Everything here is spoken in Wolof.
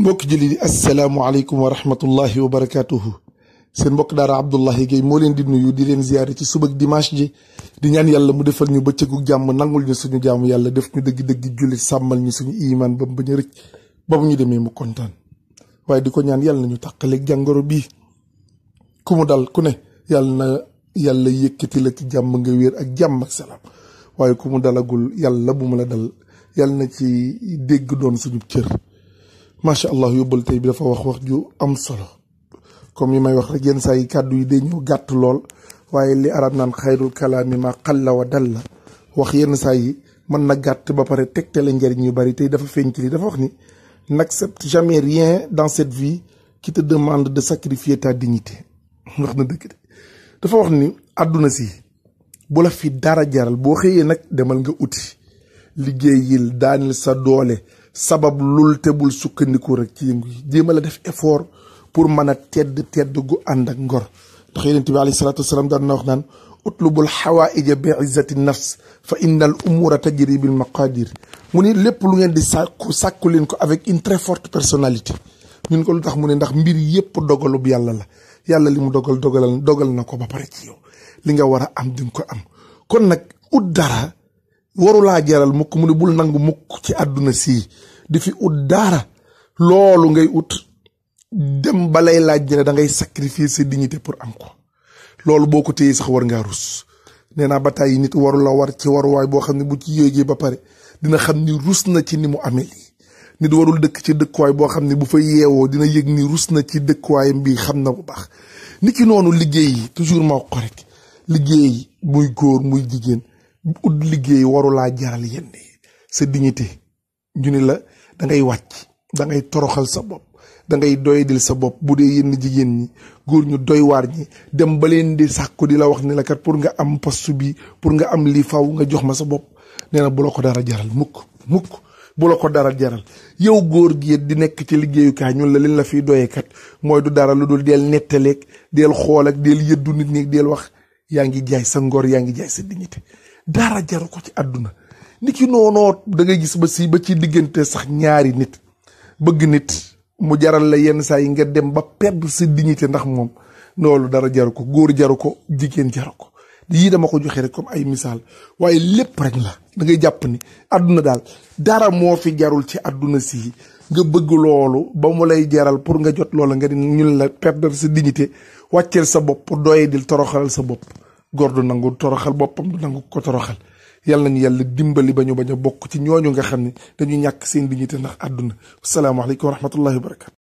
mbokk jullit yi asalaamualeykum wa rahmatullahi wa barakaatuhu seen mbokk daara Abdoulahi Gaye moo leen di nuyu di leen ziyaare ci suba dimanche ji di ñaan yàlla mu defal ñu bëccëgu jàmm nangul ñu suñu jàmm yàlla def ñu dëgg-dëgg jullit sàmmal ñu suñu iman ba mu bañ a ñu demee mu waaye di ko ñaan yàlla na ñu tàqaleeg jàngoro bii ku dal ku ne yàlla na yàlla yëkkati la ci jàmm nga wér ak jàmm waaye ku mu dalagul yàlla bu mu la dal na ci dégg doon suñu cër. macha allah yóbbal tey bi dafa wax wax ju am solo comme yi may wax rek yenn saa yi kàddu yi day ñëw gàtt lool waaye li arab naan xayrul kalaami ma qalla wa la wax yenn saa yi mën na gàtt ba pare tegtale njariñ yu bari tey dafa feeñ ci li dafa wax ni n'accepte jamais rien dans cette vie qui te demande de sacrifier ta dignité wax na dëgg de dafa wax ni àdduna si bu la fi dara jaral boo xëyee nag demal nga uti liggéeyil daanil sa doole sabab lul tebul sukkandiku rek ci yëngu yi jéem a la def effort pour mën a tedd tedd gu ànd ak ngor ndax yonent bi alayhi salaatu wasalaam daan na wax naan utlubul xawaaija bi izzati nafs fa inna al umura tajri bil maqadir mu ni lépp lu ngeen di sàkku sàkku leen ko avec une très forte personnalité ñun ko lu tax mu ne ndax mbir yépp dogalub yàlla la yàlla li mu dogal dogalal dogal na ko ba pare ci yow li nga war a am din ko am kon nag ut dara warulaa jaral mukk mu ne bul nangu mukk ci àdduna sii di fi ut daara loolu ngay ut dem ba lay laaj ne da ngay sacrifier sa dignité pour am ko loolu boo ko téyee sax war ngaa rus nee naa ba tàyyi nit warul la war ci waruwaay boo xam ne bu ci yéegee ba pare dina xam ni rus na ci ni mu amee lii nit warul dëkk ci dëkkuwaay boo xam ne bu fa yeewoo dina yëg ni rus na ci dëkkuwaayam bii xam na bu baax nit ki noonu liggéey yi toujours ma ko rek liggéey muy góor muy jigéen ut liggéey warulaa jaral yenn yi sa dignité ñu ne la da ngay wàcc dangay toroxal sa bopp da ngay doyadil sa bopp bu dee yenn jigéen ñi góor ñu doy waar ñi dem ba leen di sàkku di la wax ne la kat pour nga am poste bi pour nga am lii faw nga jox ma sa bopp nee na bu la ko dara jaral mukk mukk bu la ko dara jaral yow góor gi di nekk ci liggéeyukaay ñun la leen la fiy doyeekat mooy du dara lu dul del nettaleeg del xool ak del yëddu nit ñi del wax yaa ngi jaay sa ngor yaa ngi jaay sa dignité dara jaru ko ci àdduna ni ki noonoo da ngay gis ba si ba ci diggante sax ñaari nit bëgg nit mu jaral la yenn saa yi nga dem ba perdre sa dignité ndax moom loolu dara jaru ko góor jaru ko jigéen jaru ko yii dama ko joxe rek comme ay misaal waaye lépp rek la dangay jàpp ni àdduna daal dara moo fi jarul ci àdduna sii nga bëgg loolu ba mu lay jaral pour nga jot loolu nga di ñun la perdre sa dignité wàcceel sa bopp doye dil toroxalal sa bopp góor du nangu toroxal boppam du nangu ko toroxal yàlla nañu yàlla dimbali ba ñu bañ a bokk ci ñooñu nga xam ni dañu ñàkk seen dignité ndax àdduna salaamaaleykum wa rahmatullahi wa barakatu